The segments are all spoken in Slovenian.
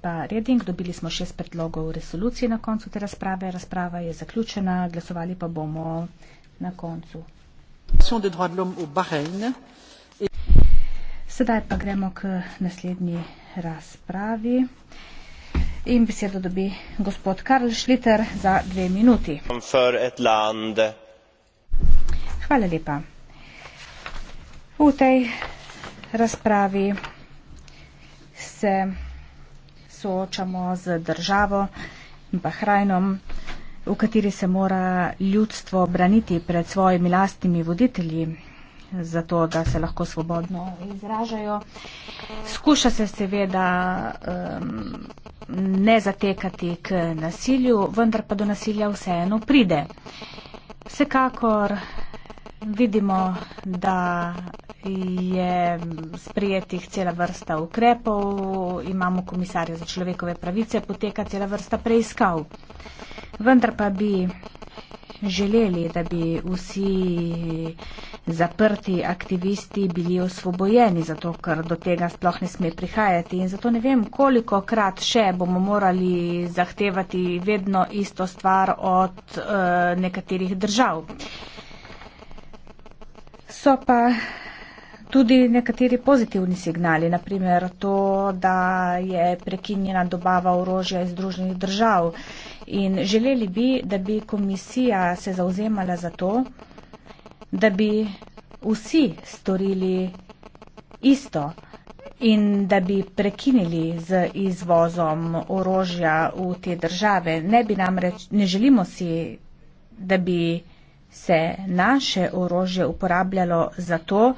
pa Reding. Dobili smo šest predlogov resolucije na koncu te razprave. Razprava je zaključena, glasovali pa bomo na koncu. Sedaj pa gremo k naslednji razpravi. In besedo dobi gospod Karl Šliter za dve minuti. Hvala lepa. V tej razpravi se soočamo z državo in pa hrajnom, v kateri se mora ljudstvo braniti pred svojimi lastnimi voditelji, zato da se lahko svobodno izražajo. Skuša se seveda um, ne zatekati k nasilju, vendar pa do nasilja vseeno pride. Vsekakor Vidimo, da je sprejetih cela vrsta ukrepov, imamo komisarja za človekove pravice, poteka cela vrsta preiskav. Vendar pa bi želeli, da bi vsi zaprti aktivisti bili osvobojeni, zato ker do tega sploh ne sme prihajati. In zato ne vem, koliko krat še bomo morali zahtevati vedno isto stvar od uh, nekaterih držav. Uh, so pa tudi nekateri pozitivni signali, naprimer to, da je prekinjena dobava orožja iz družnih držav. In želeli bi, da bi komisija se zauzemala za to, da bi vsi storili isto in da bi prekinili z izvozom orožja v te države. Ne, namreč, ne želimo si, da bi se naše orožje uporabljalo za to,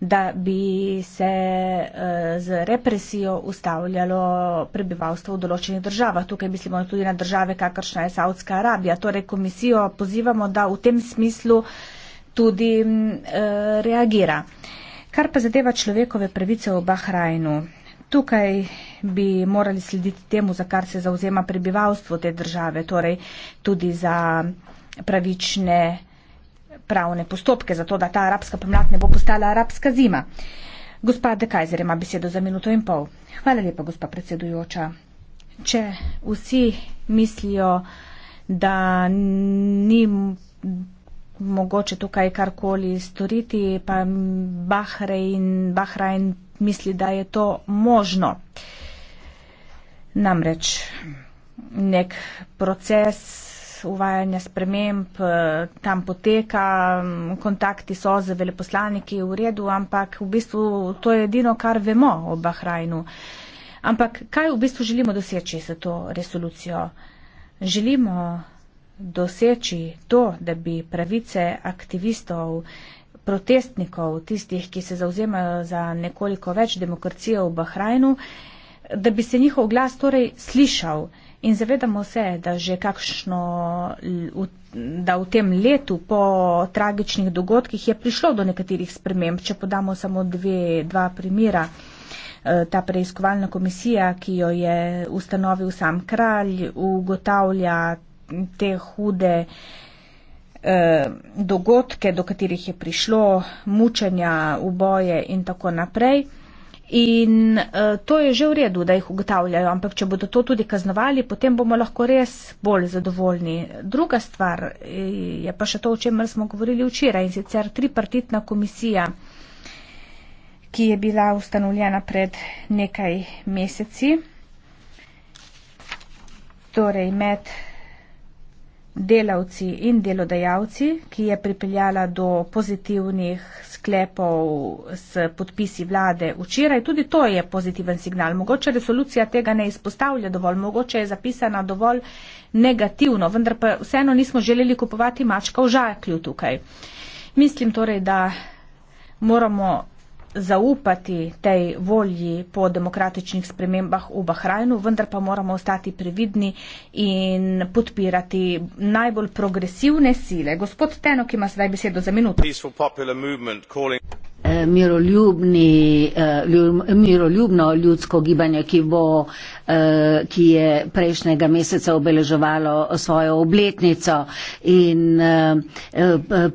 da bi se eh, z represijo ustavljalo prebivalstvo v določenih državah. Tukaj mislimo tudi na države, kakršna je Saudska Arabija. Torej komisijo pozivamo, da v tem smislu tudi mm, eh, reagira. Kar pa zadeva človekove pravice v Bahrajnu. Tukaj bi morali slediti temu, za kar se zauzema prebivalstvo te države, torej tudi za pravične pravne postopke, zato da ta arabska pomlad ne bo postala arabska zima. Gospa De Kajzer ima besedo za minuto in pol. Hvala lepa, gospa predsedujoča. Če vsi mislijo, da ni mogoče tukaj karkoli storiti, pa Bahrein, Bahrein misli, da je to možno. Namreč nek proces uvajanja sprememb eh, tam poteka, mm, kontakti so z veleposlaniki v redu, ampak v bistvu to je edino, kar vemo o Bahrajnu. Ampak kaj v bistvu želimo doseči s to resolucijo? Želimo doseči to, da bi pravice aktivistov, protestnikov, tistih, ki se zauzemajo za nekoliko več demokracije v Bahrajnu, da bi se njihov glas torej slišal In zavedamo se, da že kakšno, da v tem letu po tragičnih dogodkih je prišlo do nekaterih sprememb. Če podamo samo dve, dva primera, eh, ta preiskovalna komisija, ki jo je ustanovil sam kralj, ugotavlja te hude eh, dogodke, do katerih je prišlo, mučenja, uboje in tako naprej. In uh, to je že v redu, da jih ugotavljajo, ampak če bodo to tudi kaznovali, potem bomo lahko res bolj zadovoljni. Druga stvar eh, je pa še to, o čemer smo govorili včeraj in sicer tripartitna komisija, ki je bila ustanovljena pred nekaj meseci, torej med delavci in delodajalci, ki je pripeljala do pozitivnih sklepov s podpisi vlade včeraj. Tudi to je pozitiven signal. Mogoče resolucija tega ne izpostavlja dovolj, mogoče je zapisana dovolj negativno, vendar pa vseeno nismo želeli kupovati mačka v žaklju tukaj. Mislim torej, da moramo zaupati tej volji po demokratičnih spremembah v Bahrajnu, vendar pa moramo ostati previdni in podpirati najbolj progresivne sile. Gospod Tenok ima zdaj besedo za minuto miroljubni, eh, miroljubno ljudsko gibanje, ki, bo, eh, ki je prejšnjega meseca obeleževalo svojo obletnico in eh,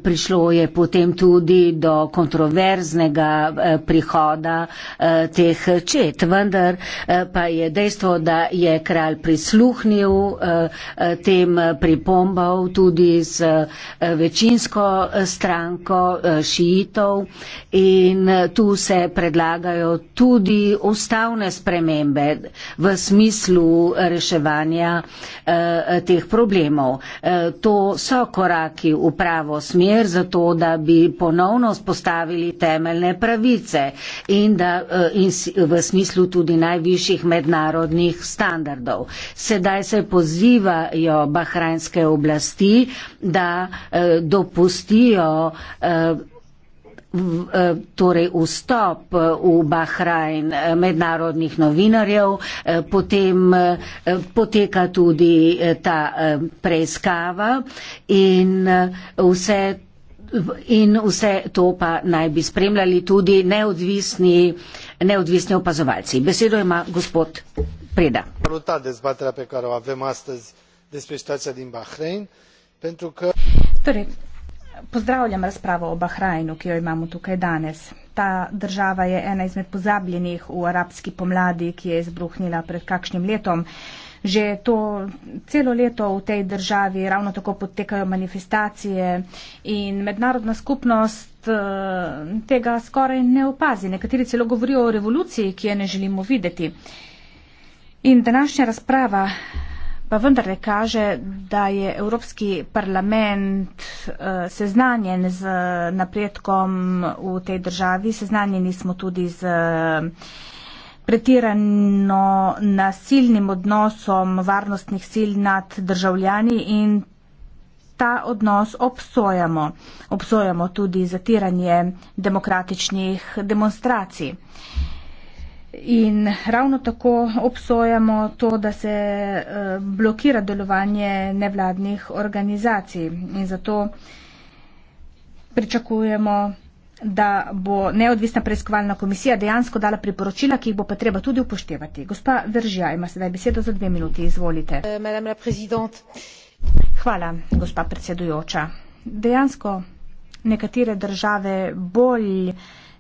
prišlo je potem tudi do kontroverznega prihoda teh čet. Vendar pa je dejstvo, da je kralj prisluhnil tem pripombov tudi z večinsko stranko šiitov in eh, tu se predlagajo tudi ustavne spremembe v smislu reševanja eh, teh problemov. Eh, to so koraki v pravo smer za to, da bi ponovno spostavili temeljne pravice in, da, in v smislu tudi najvišjih mednarodnih standardov. Sedaj se pozivajo bahrajnske oblasti, da dopustijo Eh, torej vstop eh, v Bahrajn eh, mednarodnih novinarjev, potem poteka tudi ta preiskava in vse, in vse to pa naj bi spremljali tudi neodvisni, neodvisni opazovalci. Besedo ima gospod Preda. Torej, Pozdravljam razpravo o Bahrajnu, ki jo imamo tukaj danes. Ta država je ena izmed pozabljenih v arabski pomladi, ki je izbruhnila pred kakšnim letom. Že to celo leto v tej državi ravno tako potekajo manifestacije in mednarodna skupnost eh, tega skoraj ne opazi. Nekateri celo govorijo o revoluciji, ki je ne želimo videti. In današnja razprava pa vendar ne kaže, da je Evropski parlament eh, seznanjen z eh, napredkom v tej državi. Seznanjeni smo tudi z eh, pretirano nasilnim odnosom varnostnih sil nad državljani in ta odnos obsojamo. Obsojamo tudi zatiranje demokratičnih demonstracij. In ravno tako obsojamo to, da se eh, blokira delovanje nevladnih organizacij. In zato pričakujemo, da bo neodvisna preiskovalna komisija dejansko dala priporočila, ki jih bo pa treba tudi upoštevati. Gospa Veržija ima sedaj besedo za dve minuti. Izvolite. Eh, Hvala, gospa predsedujoča. Dejansko nekatere države bolj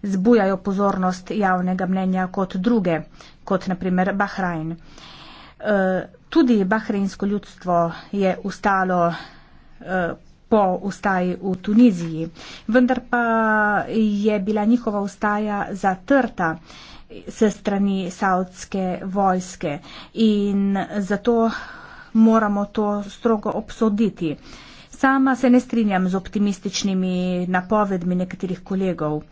zbujajo pozornost javnega mnenja kot druge, kot naprimer Bahrajn. E, tudi bahrajnsko ljudstvo je ustalo e, po ustaji v Tuniziji, vendar pa je bila njihova ustaja zatrta se strani saudske vojske in zato moramo to strogo obsoditi. Sama se ne strinjam z optimističnimi napovedmi nekaterih kolegov. Uh,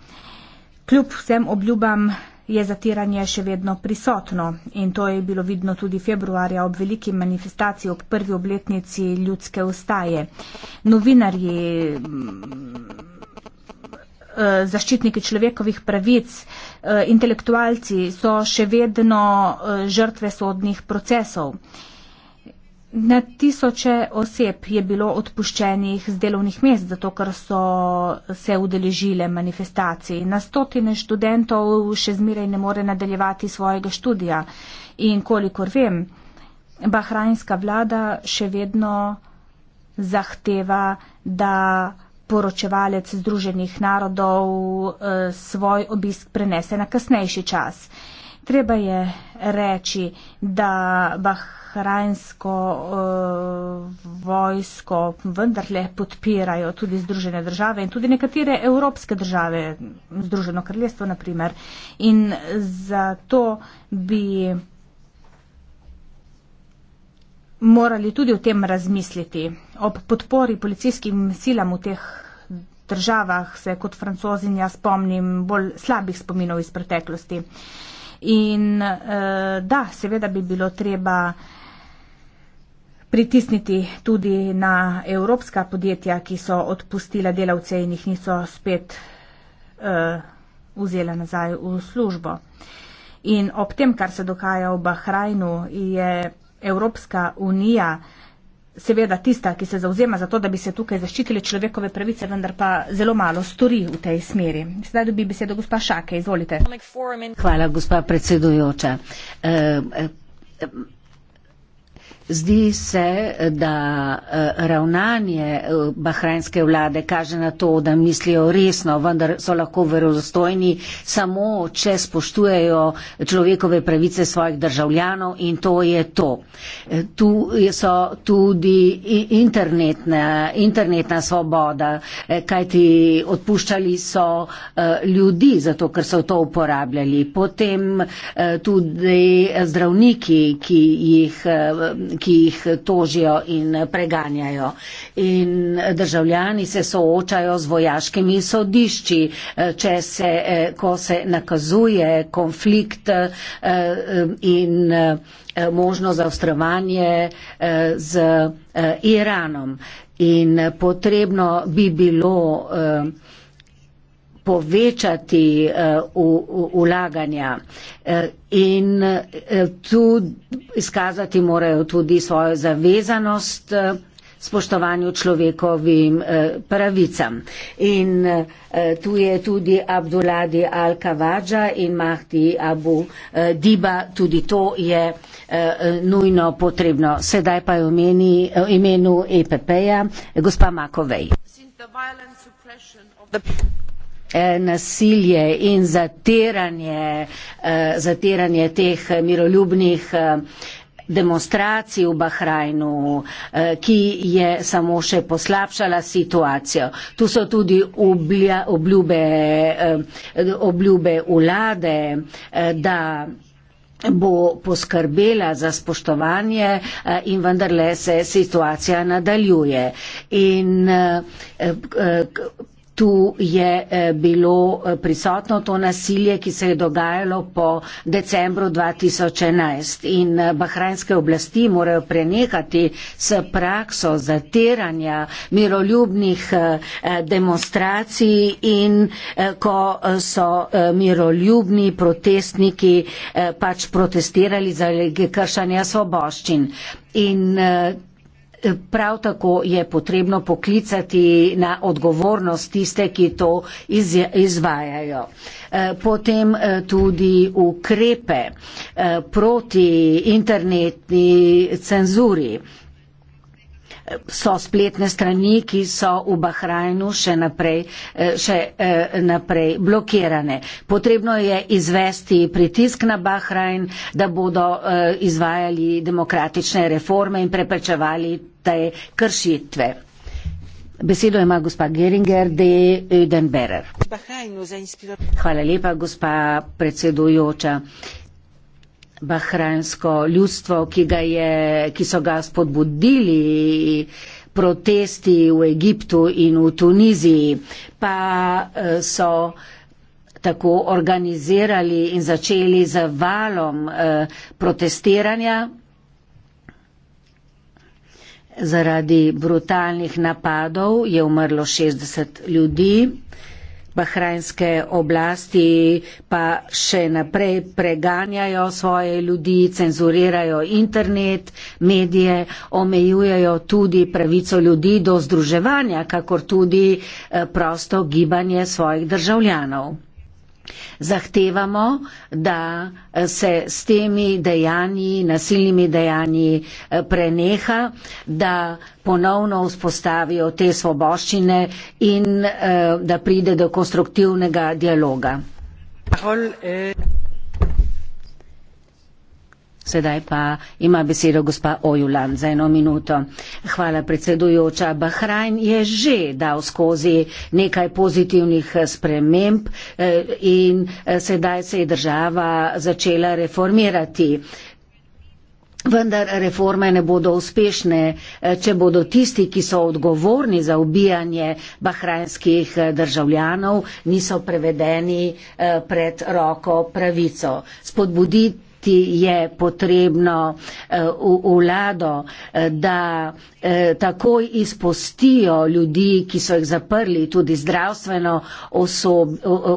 Kljub vsem obljubam je zatiranje še vedno prisotno in to je bilo vidno tudi februarja ob veliki manifestaciji ob prvi obletnici ljudske ustaje. Novinarji, eh, zaščitniki človekovih pravic, eh, intelektualci so še vedno eh, žrtve sodnih procesov. Na tisoče oseb je bilo odpuščenih z delovnih mest, zato ker so se udeležile manifestacij. Na stotine študentov še zmeraj ne more nadaljevati svojega študija. In kolikor vem, bahrajnska vlada še vedno zahteva, da poročevalec Združenih narodov eh, svoj obisk prenese na kasnejši čas. Treba je reći da bahrajnsko uh, vojsko vendarle podpirajo tudi Združene države in tudi nekatere evropske države, Združeno kraljestvo na primer. In zato bi morali tudi o tem razmisliti. Ob podpori policijskim silam v teh državah se kot francozinja spomnim bolj slabih spominov iz preteklosti. Uh, In uh, da, seveda bi bilo treba pritisniti tudi na evropska podjetja, ki so odpustila delavce in jih niso spet uh, vzela nazaj v službo. In ob tem, kar se dogaja v Bahrajnu, je Evropska unija uh, seveda tista, ki se zauzema za to, da bi se tukaj zaščitili človekove pravice, vendar pa zelo malo stori v tej smeri. Sedaj dobi besedo gospa Šake, izvolite. Hvala, gospa predsedujoča. Uh, uh, Zdi se, da eh, ravnanje eh, bahrajnske vlade kaže na to, da mislijo resno, vendar so lahko verozostojni samo, če spoštujejo človekove pravice svojih državljanov in to je to. Eh, tu so tudi internetna, internetna svoboda, kajti odpuščali so ljudi, zato ker so to uporabljali. Potem tudi zdravniki, ki jih ki jih tožijo in preganjajo. In državljani se soočajo z vojaškimi sodišči, eh, če se, eh, ko se nakazuje konflikt eh, in možno zaostrovanje z Iranom. In potrebno bi bilo povečati eh, ulaganja eh, in eh, tu izkazati morajo tudi svojo zavezanost spoštovanju človekovim pravicam. In tu je tudi Abduladi Al-Kavadža in Mahdi Abu Diba, tudi to je nujno potrebno. Sedaj pa je v imenu EPP-ja gospa Makovej. Eh, nasilje in zatiranje, eh, zatiranje teh miroljubnih eh, demonstracij v Bahrajnu, ki je samo še poslabšala situacijo. Tu so tudi obljube, obljube vlade, da bo poskrbela za spoštovanje in vendarle se situacija nadaljuje. In, tu je eh, bilo eh, prisotno to nasilje, ki se je dogajalo po decembru 2011 in eh, bahrajnske oblasti morajo prenehati s prakso zatiranja miroljubnih demonstracij in ko so miroljubni protestniki pač protestirali za kršanja svoboščin. In Prav tako je potrebno poklicati na odgovornost tiste, ki to izvajajo. Eh, potem eh, tudi ukrepe eh, proti internetni cenzuri so spletne strani, ki so v Bahrajnu še naprej, eh, še eh, naprej blokirane. Potrebno je izvesti pritisk na Bahrajn, da bodo eh, izvajali demokratične reforme in preprečevali te kršitve. Besedo ima gospa Geringer de Udenberer. Hvala lepa, gospa predsedujoča bahrajnsko ljudstvo, ki, je, ki so ga spodbudili protesti v Egiptu in v Tuniziji, pa eh, so tako organizirali in začeli z valom eh, protestiranja zaradi brutalnih napadov, je umrlo 60 ljudi. Bahrajnske oblasti pa še naprej preganjajo svoje ljudi, cenzurirajo internet, medije, omejujejo tudi pravico ljudi do združevanja, kakor tudi eh, prosto gibanje svojih državljanov. Zahtevamo, da eh, se s temi dejanji, nasilnimi dejanji eh, preneha, da ponovno vzpostavijo te svoboščine in eh, da pride do konstruktivnega dialoga. Hvala. Sedaj pa ima besedo gospa Ojulan za eno minuto. Hvala predsedujoča. Bahrajn je že dal skozi nekaj pozitivnih eh, sprememb eh, in eh, sedaj se je država začela reformirati. Vendar reforme ne bodo uspešne, če bodo tisti, ki so odgovorni za ubijanje bahrajnskih državljanov, niso prevedeni pred roko pravico. Spodbuditi ti je potrebno eh, vlado, eh, da eh, takoj izpostijo ljudi, ki so jih zaprli, tudi zdravstveno osob,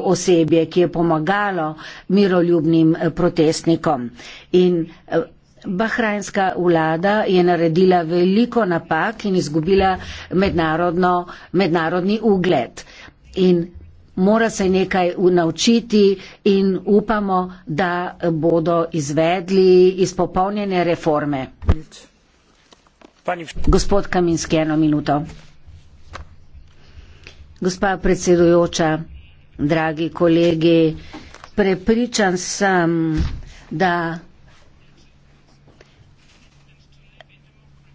osebje, ki je pomagalo miroljubnim protestnikom. In Bahrajnska vlada je naredila veliko napak in izgubila mednarodni ugled. In mora se nekaj naučiti in upamo, da bodo izvedli izpopolnjene reforme. Pani... Gospod Kaminski, eno minuto. Gospa predsedujoča, dragi kolegi, prepričan sem, da,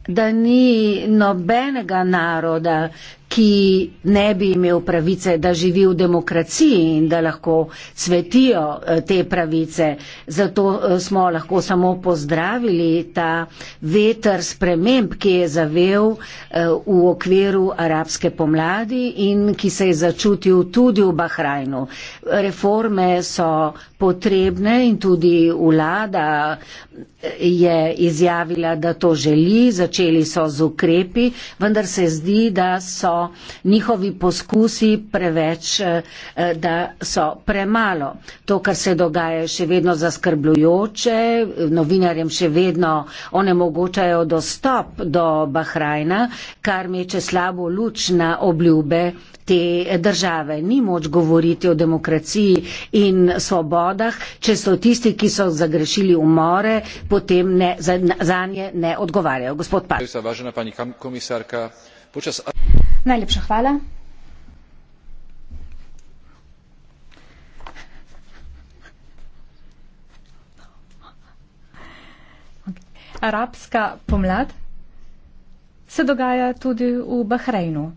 da ni nobenega naroda, ki ne bi imel pravice, da živi v demokraciji in da lahko cvetijo eh, te pravice. Zato eh, smo lahko samo pozdravili ta veter sprememb, ki je zavel eh, v okviru arabske pomladi in ki se je začutil tudi v Bahrajnu. Reforme so potrebne in tudi vlada je izjavila, da to želi, začeli so z ukrepi, vendar se zdi, da so njihovi poskusi preveč, eh, eh, da so premalo. To, kar se dogaja, je še vedno zaskrbljujoče, novinarjem še vedno onemogočajo dostop do Bahrajna, kar meče slabo luč na obljube te države. Ni moč govoriti o demokraciji in svobodah, če so tisti, ki so zagrešili umore, potem ne, za, za nje ne odgovarjajo. Gospod Pa. Najlepša hvala. Arabska pomlad se dogaja tudi v Bahrajnu.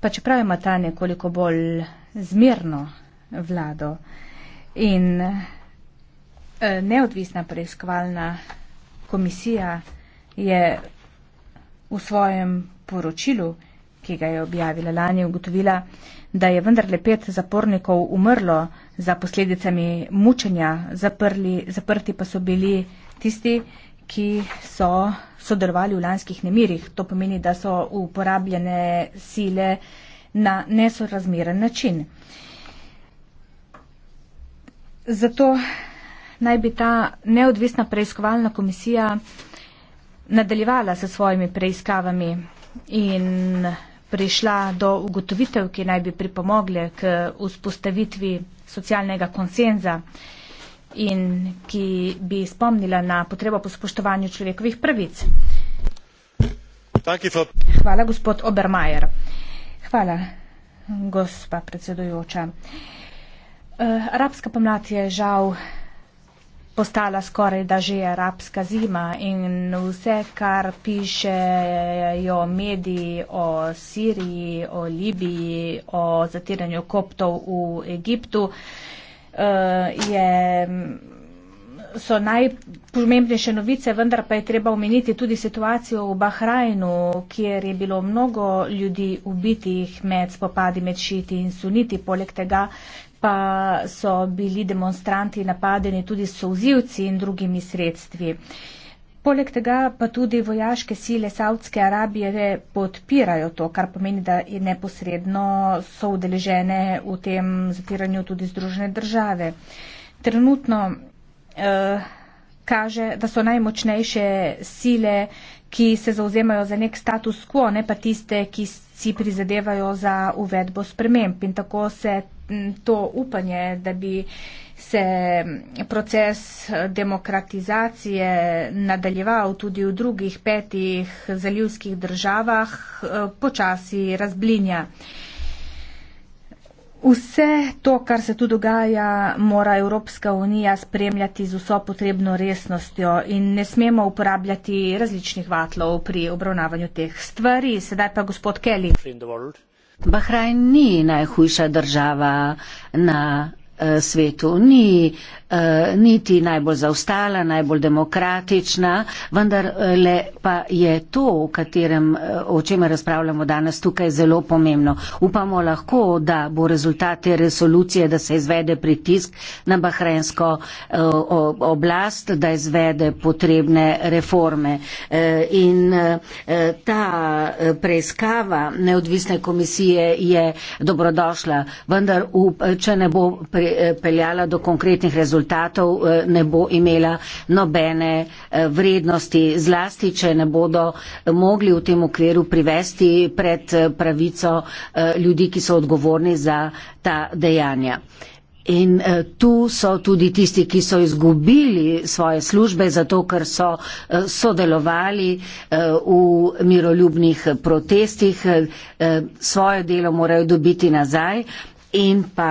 Pa čeprav ima ta nekoliko bolj zmirno vlado in e, neodvisna preiskovalna komisija je v svojem poročilu, ki ga je objavila lani, ugotovila, da je vendarle pet zapornikov umrlo za posledicami mučenja, Zaprli, zaprti pa so bili tisti, ki so sodelovali v lanskih nemirih. To pomeni, da so uporabljene sile na nesorazmeren način. Zato naj bi ta neodvisna preiskovalna komisija nadaljevala s svojimi preiskavami in prišla do ugotovitev, ki naj bi pripomogle k vzpostavitvi socialnega konsenza in ki bi spomnila na potrebo po spoštovanju človekovih pravic. For... Hvala, gospod Obermajer. Hvala, gospa predsedujoča. Uh, arabska pomlad je žal postala skoraj da že arabska zima in vse, kar pišejo mediji o Siriji, o Libiji, o zatiranju koptov v Egiptu, eh, je, so najpomembnejše novice, vendar pa je treba omeniti tudi situacijo v Bahrajnu, kjer je bilo mnogo ljudi ubitih med spopadi med šiti in suniti, poleg tega pa so bili demonstranti napadeni tudi s souzivci in drugimi sredstvi. Poleg tega pa tudi vojaške sile Saudske Arabije podpirajo to, kar pomeni, da je neposredno so udeležene v tem zatiranju tudi združene države. Trenutno eh, kaže, da so najmočnejše sile, ki se zauzemajo za nek status quo, ne pa tiste, ki si prizadevajo za uvedbo sprememb. In tako se to upanje, da bi se proces demokratizacije nadaljeval tudi v drugih petih zaljivskih državah, e, počasi razblinja. Vse to, kar se tu dogaja, mora Evropska unija spremljati z vso potrebno resnostjo in ne smemo uporabljati različnih vatlov pri obravnavanju teh stvari. Sedaj pa gospod Kelly. Bahrajn ni najhujša država na eh, svetu, ni uh, Eh, niti najbolj zaostala, najbolj demokratična, vendar eh, le pa je to, o katerem, eh, o čemer razpravljamo danes tukaj, zelo pomembno. Upamo lahko, da bo rezultat te resolucije, da se izvede pritisk na bahrensko oblast, da izvede potrebne reforme. In ta preiskava neodvisne komisije je dobrodošla, vendar če ne bo peljala do konkretnih rezultatov, rezultatov eh, ne bo imela nobene eh, vrednosti, zlasti, če ne bodo eh, mogli v tem okviru privesti pred pravico ljudi, ki so odgovorni za ta dejanja. In tu so tudi tisti, ki so izgubili svoje službe, zato ker so sodelovali v miroljubnih protestih, svoje delo morajo dobiti nazaj in pa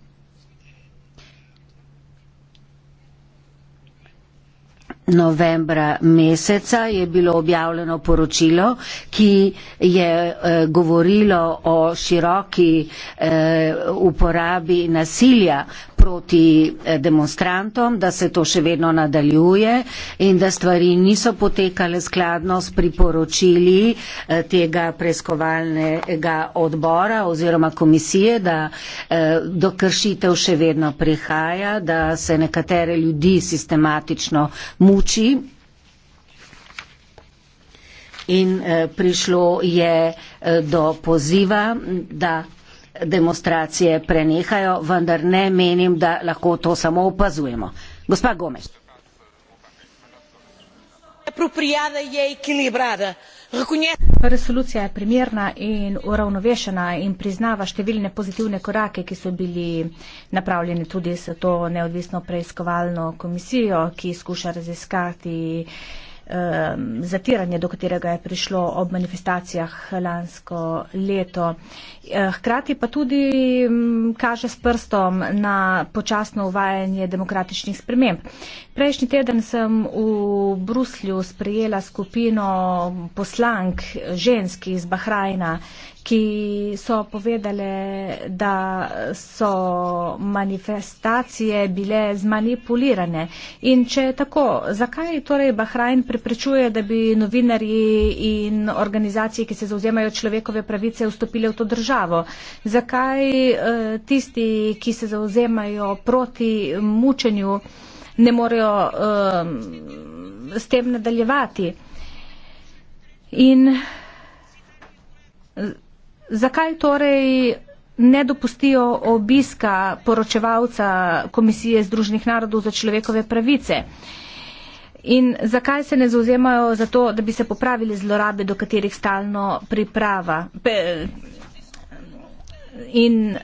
novembra meseca je bilo objavljeno poročilo, ki je eh, govorilo o široki eh, uporabi nasilja proti eh, demonstrantom, da se to še vedno nadaljuje in da stvari niso potekale skladno s priporočili eh, tega preiskovalnega odbora oziroma komisije, da eh, do kršitev še vedno prihaja, da se nekatere ljudi sistematično muči. In eh, prišlo je eh, do poziva, da demonstracije prenehajo, vendar ne menim, da lahko to samo opazujemo. Gospa Gomez. Resolucija je primerna in uravnovešena in priznava številne pozitivne korake, ki so bili napravljeni tudi s to neodvisno preiskovalno komisijo, ki skuša raziskati Um, zatiranje, do katerega je prišlo ob manifestacijah lansko leto. Eh, hkrati pa tudi mm, kaže s prstom na počasno uvajanje demokratičnih sprememb. Prejšnji teden sem v Bruslju sprejela skupino poslank žensk iz Bahrajna, ki so povedali, da so manifestacije bile zmanipulirane. In če je tako, zakaj torej Bahrajn preprečuje, da bi novinarji in organizacije, ki se zauzemajo človekove pravice, vstopili v to državo? Zakaj eh, tisti, ki se zauzemajo proti mučenju, ne morejo um, s tem nadaljevati? In Zakaj torej ne dopustijo obiska poročevalca Komisije Združenih narodov za človekove pravice? In zakaj se ne zauzemajo za to, da bi se popravili zlorabe, do katerih stalno priprava? In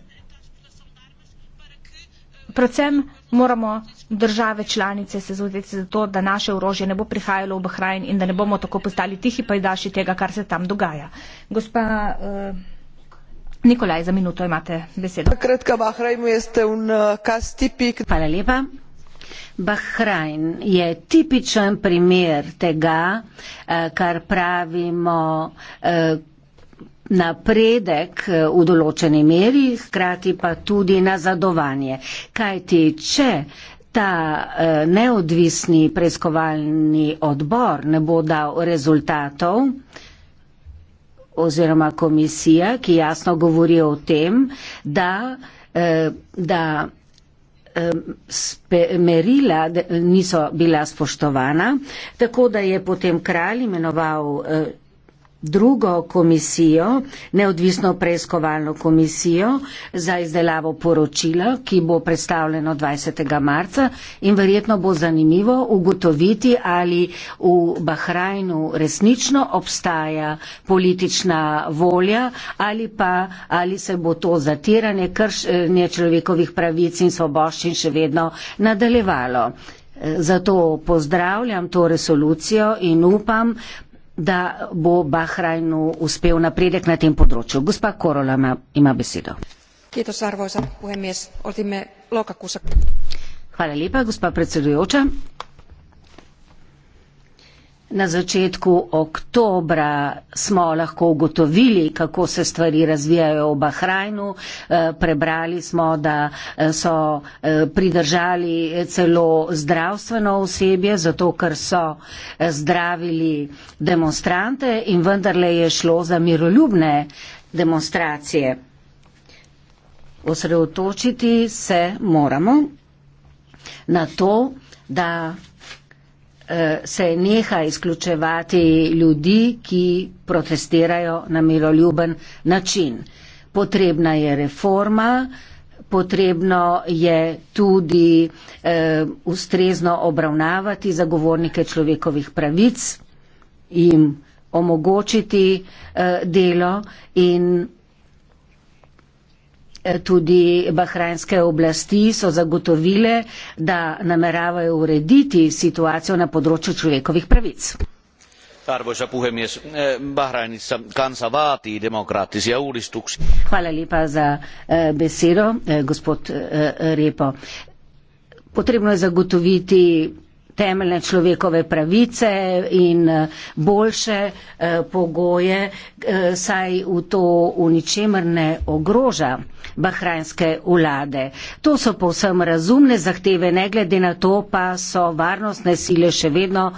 predvsem moramo države članice se zauzeti za to, da naše orožje ne bo prihajalo v Bahrajn in da ne bomo tako postali tihi pajdaši tega, kar se tam dogaja. Gospa, uh, Nikolaj, za minuto imate besedo. Kratka, Bahrajn je un eh, kas tipik. Hvala lepa. Bahrajn je tipičen primer tega, eh, kar pravimo eh, napredek v določeni meri, hkrati pa tudi nazadovanje. Kaj ti če? Ta neodvisni preiskovalni odbor ne bo dal rezultatov, oziroma komisija, ki jasno govori o tem, da, eh, da eh, merila niso bila spoštovana, tako da je potem kralj imenoval eh, drugo komisijo, neodvisno preiskovalno komisijo za izdelavo poročila, ki bo predstavljeno 20. marca in verjetno bo zanimivo ugotoviti, ali v Bahrajnu resnično obstaja politična volja ali pa ali se bo to zatiranje kršenje človekovih pravic in svoboščin še vedno nadaljevalo. Zato pozdravljam to resolucijo in upam da bo Bahrajnu uspel napredek na tem področju. Gospa Korola ima besedo. Kitos, arvoisa, puhemies. Otimme lokakuussa. Hvala lepa, gospa predsedujoča. Na začetku oktobra smo lahko ugotovili, kako se stvari razvijajo v Bahrajnu. Eh, prebrali smo, da eh, so eh, pridržali celo zdravstveno osebje, zato ker so zdravili demonstrante in vendarle je šlo za miroljubne demonstracije. Osredotočiti se moramo na to, da Eh, se neha izključevati ljudi, ki protestirajo na miroljuben način. Potrebna je reforma, potrebno je tudi eh, ustrezno obravnavati zagovornike človekovih pravic, jim omogočiti eh, delo in Eh, tudi bahrajnske oblasti so zagotovile, da nameravajo urediti situacijo na področju človekovih pravic. Arvoisa puhemies, eh, Bahrajnissa kansa vaatii demokraattisia uudistuksia. Hvala lepa za eh, besedo, gospod Repo. Potrebno je zagotoviti temeljne človekove pravice in eh, boljše eh, pogoje, eh, saj v to v ničemer ne ogroža bahrajnske vlade. To so povsem razumne zahteve, ne glede na to pa so varnostne sile še vedno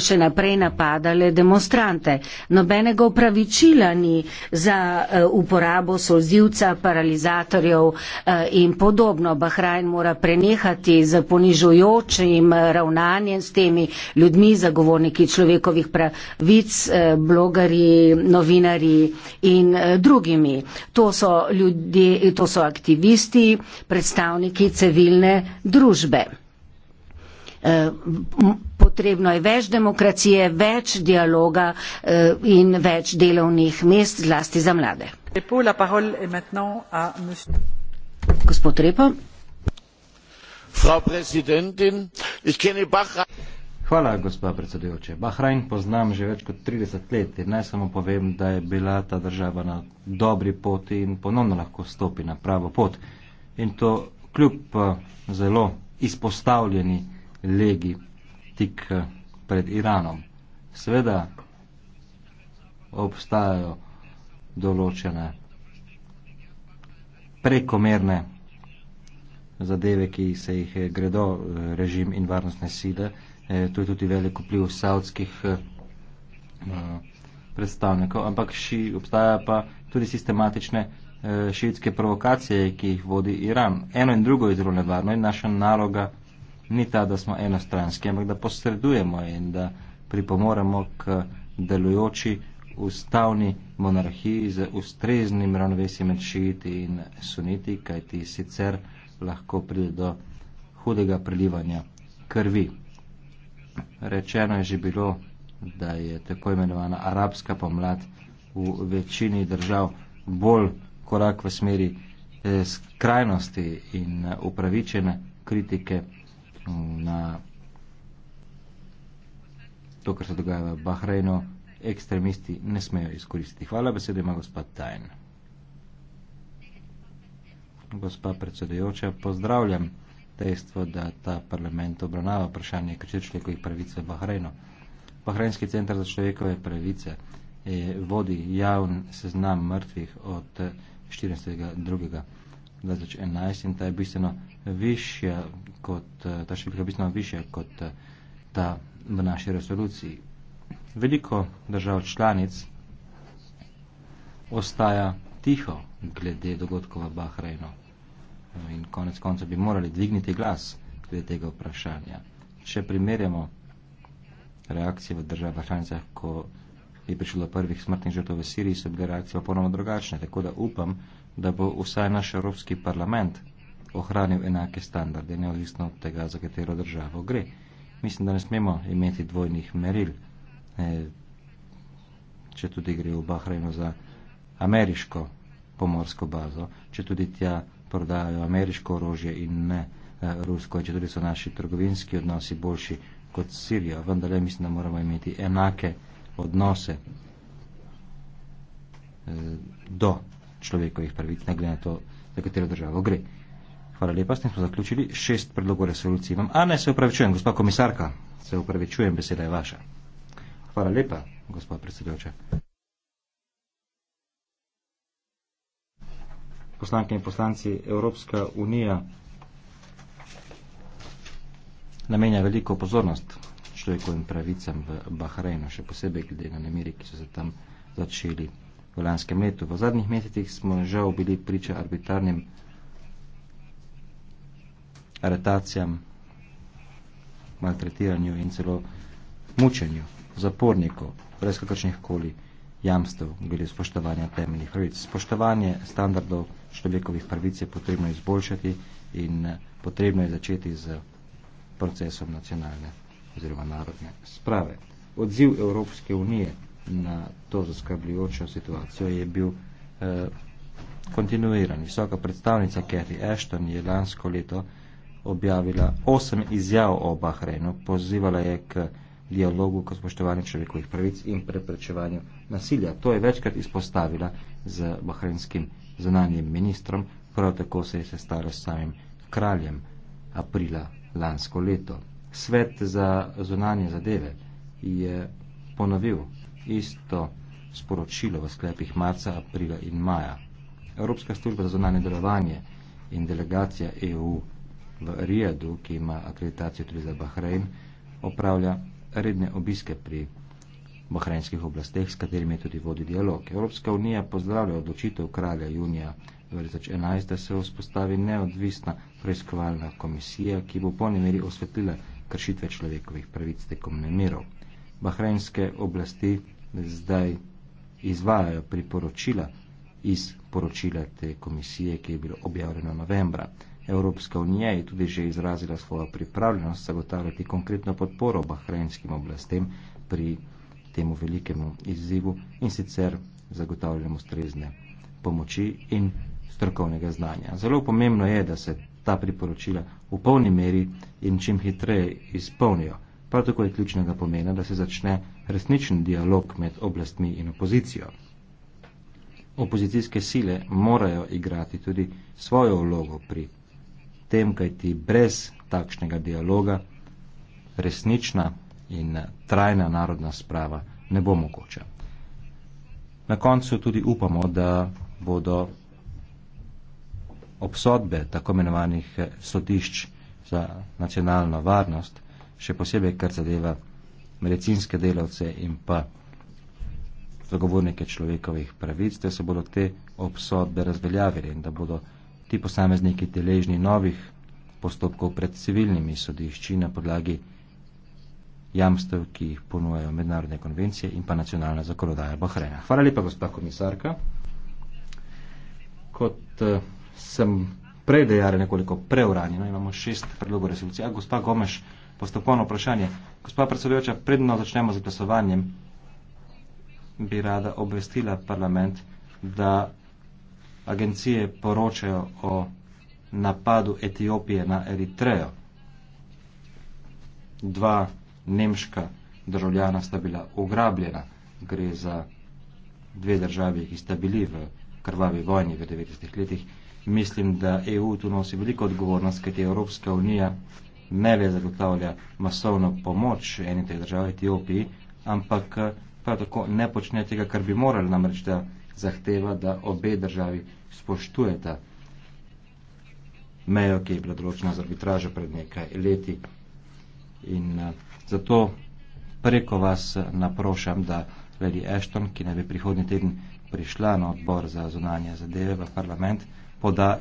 še naprej napadale demonstrante. Nobenega upravičila ni za uporabo solzivca, paralizatorjev in podobno. Bahrajn mora prenehati z ponižujočim ravnanjem ravnanjem s temi ljudmi, zagovorniki človekovih pravic, eh, blogari, novinari in eh, drugimi. To so, ljudje, to so aktivisti, predstavniki civilne družbe. Eh, potrebno je več demokracije, več dialoga in več delovnih mest, zlasti za mlade. Gospod Repa. Hvala, gospa predsedujoča. Bahrajn poznam že več kot 30 let in naj samo povem, da je bila ta država na dobri poti in ponovno lahko stopi na pravo pot. In to kljub eh, zelo izpostavljeni legi tik eh, pred Iranom. Seveda obstajajo določene prekomerne zadeve, ki se jih eh, gredo eh, režim in varnostne sile. Eh, tu je tudi veliko pliv savdskih predstavnikov, ampak ši, obstaja pa tudi sistematične šiitske provokacije, ki jih vodi Iran. Eno in drugo je zelo nevarno in naša naloga ni ta, da smo enostranski, ampak da posredujemo in da pripomoremo k delujoči ustavni monarhiji z ustreznim ravnovesjem med šiiti in suniti, kajti sicer lahko pride do hudega prelivanja krvi. Rečeno je že bilo, da je tako imenovana arabska pomlad v večini držav bolj korak v smeri eh, skrajnosti in eh, upravičene kritike mm, na to, kar se dogaja v Bahrajnu, ekstremisti ne smejo izkoristiti. Hvala besede ima gospod Tajn gospa predsedujoča, pozdravljam dejstvo, da ta parlament obravnava vprašanje kršitev človekovih pravic v Bahrajnu. Bahrajnski centar za človekove pravice je, vodi javn seznam mrtvih od 14.2.2011 in ta je bistveno višja kot ta številka bistveno višja kot ta v naši resoluciji. Veliko držav članic ostaja tiho glede dogodkov v Bahrajnu. No, in konec konca bi morali dvigniti glas glede tega vprašanja. Če primerjamo reakcije v državah članicah, ko je prišlo do prvih smrtnih žrtev v Siriji, so bile reakcije popolnoma drugačne. Tako da upam, da bo vsaj naš Evropski parlament ohranil enake standarde, neodvisno od tega, za katero državo gre. Mislim, da ne smemo imeti dvojnih meril, če tudi gre v Bahrajno za ameriško pomorsko bazo, če tudi tja prodajajo ameriško orožje in ne e, rusko, če tudi so naši trgovinski odnosi boljši kot Sirijo. Vendar le mislim, da moramo imeti enake odnose e, do človekovih pravic, ne glede na to, za katero državo gre. Hvala lepa, s tem smo zaključili. Šest predlogov resolucij imam. A ne, se upravičujem, gospod komisarka, se upravičujem, beseda je vaša. Hvala lepa, gospod predsedujoča. poslanke in poslanci, Evropska unija namenja veliko pozornost človekovim pravicam v Bahrajnu, še posebej glede na nemiri, ki so se tam začeli v lanskem letu. V zadnjih mesecih smo žal bili priča arbitarnim aretacijam, maltretiranju in celo mučenju zapornikov brez kakršnih koli jamstev glede spoštovanja temeljnih pravic. Spoštovanje standardov človekovih pravic je potrebno izboljšati in eh, potrebno je začeti z procesom nacionalne oziroma narodne sprave. Odziv Evropske unije na to zaskrbljujočo situacijo je bil eh, kontinuiran. Visoka predstavnica Kathy Ashton je lansko leto objavila osem izjav o Bahrejnu, pozivala je k dialogu k spoštovanju človekovih pravic in preprečevanju nasilja. To je večkrat izpostavila z bahrenskim zunanjim ministrom, prav tako se je sestala s samim kraljem aprila lansko leto. Svet za zunanje zadeve je ponovil isto sporočilo v sklepih marca, aprila in maja. Evropska služba za zunanje delovanje in delegacija EU v Rijadu, ki ima akreditacijo tudi za Bahrein, opravlja redne obiske pri bahrajnskih oblasteh, s katerimi tudi vodi dialog. Evropska unija pozdravlja odločitev kralja junija 2011, da se vzpostavi neodvisna preiskovalna komisija, ki bo po nemeri osvetlila kršitve človekovih pravic tekom nemirov. Bahrajnske oblasti zdaj izvajajo priporočila iz poročila te komisije, ki je bilo objavljeno novembra. Evropska unija je tudi že izrazila svojo pripravljenost zagotavljati konkretno podporo bahrajnskim oblastem pri temu velikemu izzivu in sicer zagotavljamo strezne pomoči in strokovnega znanja. Zelo pomembno je, da se ta priporočila v polni meri in čim hitreje izpolnijo. Prav tako je ključnega pomena, da se začne resničen dialog med oblastmi in opozicijo. Opozicijske sile morajo igrati tudi svojo vlogo pri tem, kajti brez takšnega dialoga resnična in trajna narodna sprava ne bo mogoča. Na koncu tudi upamo, da bodo obsodbe tako imenovanih sodišč za nacionalno varnost, še posebej kar zadeva medicinske delavce in pa zagovornike človekovih pravic, da se bodo te obsodbe razveljavili in da bodo ti posamezniki deležni novih postopkov pred civilnimi sodišči na podlagi jamstev, ki jih ponujajo mednarodne konvencije in pa nacionalna zakonodaja Bahreina. Hvala lepa, gospoda komisarka. Kot uh, sem prej dejal, nekoliko preuranjeno, imamo šest predlogov resolucij. A, gospa Gomeš, postopkovno vprašanje. Gospa predsedujoča, predno začnemo z glasovanjem, bi rada obvestila parlament, da agencije poročajo o napadu Etiopije na Eritrejo. Dva nemška državljana sta bila ugrabljena. Gre za dve državi, ki sta bili v krvavi vojni v 90. letih. Mislim, da EU tu nosi veliko odgovornost, kajti Evropska unija ne le zagotavlja masovno pomoč eni te države Etiopiji, ampak eh, prav tako ne počne tega, kar bi morali namreč, da zahteva, da obe državi spoštujeta mejo, ki je bila določena z arbitražo pred nekaj leti. In uh, zato preko vas eh, naprošam, da Lady Ashton, ki naj bi prihodnji teden prišla na odbor za zunanje zadeve v parlament, poda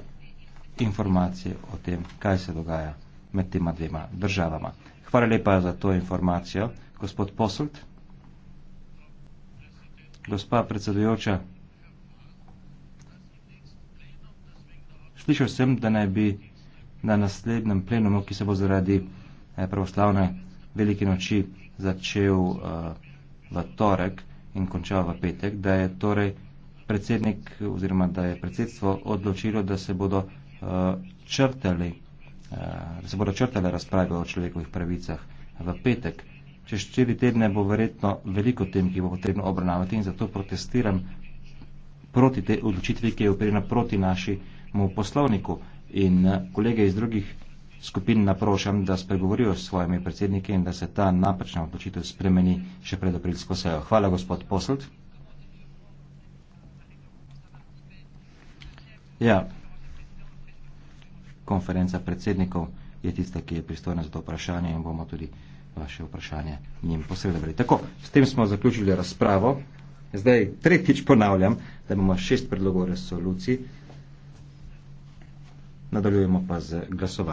informacije o tem, kaj se dogaja med tema dvema državama. Hvala lepa za to informacijo, gospod Posult. Gospa predsedujoča, Slišal sem, da naj bi na naslednjem plenumu, ki se bo zaradi eh, pravoslavne velike noči začel eh, v torek in končal v petek, da je torej predsednik oziroma da je predsedstvo odločilo, da se bodo, eh, črtali, eh, da se bodo črtale razprave o človekovih pravicah v petek. Čez štiri tedne bo verjetno veliko tem, ki bo potrebno obravnavati in zato protestiram proti te odločitvi, ki je operjena proti naši mu v poslovniku in eh, kolege iz drugih skupin naprošam, da spregovorijo s svojimi predsedniki in da se ta napačna odločitev spremeni še pred aprilsko sejo. Hvala, gospod Poselt. Ja, konferenca predsednikov je tista, ki je pristojna za to vprašanje in bomo tudi vaše vprašanje njim posredovali. Tako, s tem smo zaključili razpravo. Zdaj tretjič ponavljam, da imamo šest predlogov resolucij nadaljujemo pa z glasovanjem.